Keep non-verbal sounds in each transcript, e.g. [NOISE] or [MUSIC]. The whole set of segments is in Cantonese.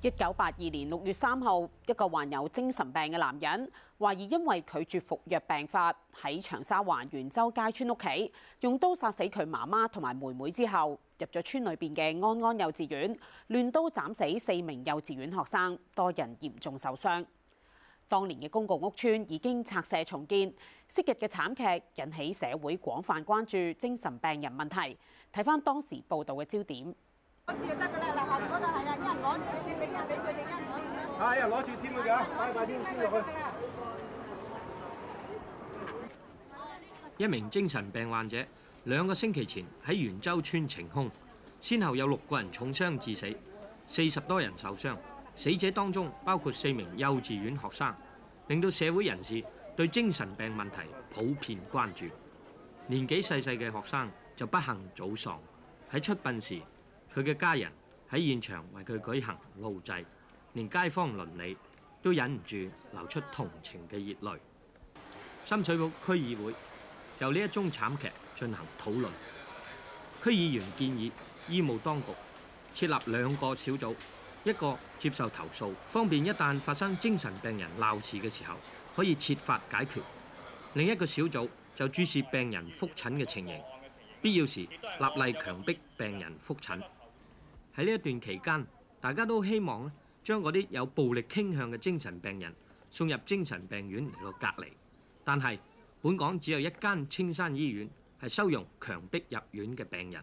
一九八二年六月三號，一個患有精神病嘅男人，懷疑因為拒絕服藥病發，喺長沙灣元州街邨屋企，用刀殺死佢媽媽同埋妹妹之後，入咗村裏邊嘅安安幼稚園，亂刀斬死四名幼稚園學生，多人嚴重受傷。當年嘅公共屋邨已經拆卸重建，昔日嘅慘劇引起社會廣泛關注精神病人問題。睇返當時報道嘅焦點。 [MUSIC] 哎呀！攞住添啊！仲，快快啲搬入去。一名精神病患者兩個星期前喺元州村晴空，先後有六個人重傷致死，四十多人受傷，死者當中包括四名幼稚園學生，令到社會人士對精神病問題普遍關注。年紀細細嘅學生就不幸早喪，喺出殯時，佢嘅家人喺現場為佢舉行路祭。連街坊鄰里都忍唔住流出同情嘅熱淚。深水埗區議會就呢一宗慘劇進行討論。區議員建議醫務當局設立兩個小組，一個接受投訴，方便一旦發生精神病人鬧事嘅時候可以設法解決；另一個小組就注視病人覆診嘅情形，必要時立例強迫病人覆診。喺呢一段期間，大家都希望將嗰啲有暴力傾向嘅精神病人送入精神病院嚟到隔離，但係本港只有一間青山醫院係收容強迫入院嘅病人。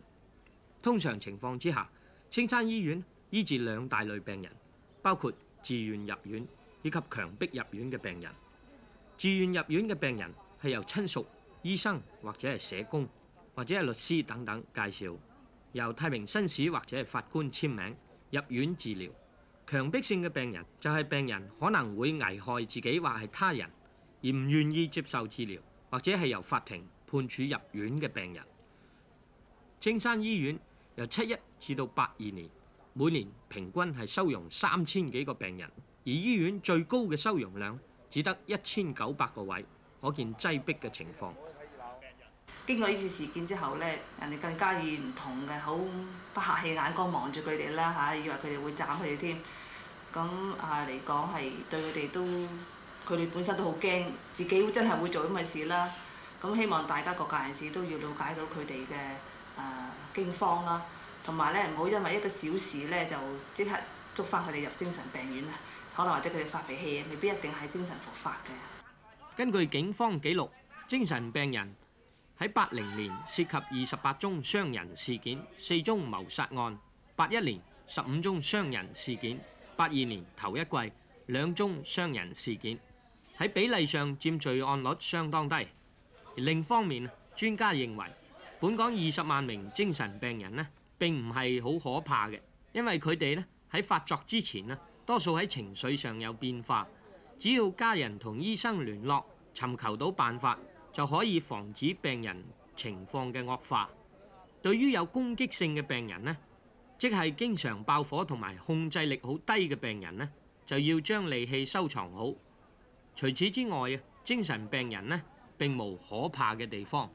通常情況之下，青山醫院醫治兩大類病人，包括自願入院以及強迫入院嘅病人。自願入院嘅病人係由親屬、醫生或者係社工或者係律師等等介紹，由太平紳士或者係法官簽名入院治療。強迫性嘅病人就係病人可能會危害自己或係他人，而唔願意接受治療，或者係由法庭判處入院嘅病人。青山醫院由七一至到八二年，每年平均係收容三千幾個病人，而醫院最高嘅收容量只得一千九百個位，可見擠迫嘅情況。經過呢次事件之後咧，人哋更加以唔同嘅好不客氣眼光望住佢哋啦嚇，以為佢哋會斬佢哋添。咁啊嚟講係對佢哋都，佢哋本身都好驚，自己會真係會做咁嘅事啦。咁、啊、希望大家各界人士都要了解到佢哋嘅誒驚慌啦，同埋咧唔好因為一個小事咧就即刻捉翻佢哋入精神病院啦。可能或者佢哋發脾氣，未必一定係精神復發嘅。根據警方記錄，精神病人喺八零年涉及二十八宗傷人事件，四宗謀殺案；八一年十五宗傷人事件；八二年頭一季兩宗傷人事件。喺比例上佔罪案率相當低。而另一方面，專家認為本港二十萬名精神病人咧並唔係好可怕嘅，因為佢哋咧喺發作之前咧多數喺情緒上有變化，只要家人同醫生聯絡，尋求到辦法。就可以防止病人情況嘅惡化。對於有攻擊性嘅病人咧，即係經常爆火同埋控制力好低嘅病人咧，就要將利器收藏好。除此之外啊，精神病人咧並無可怕嘅地方。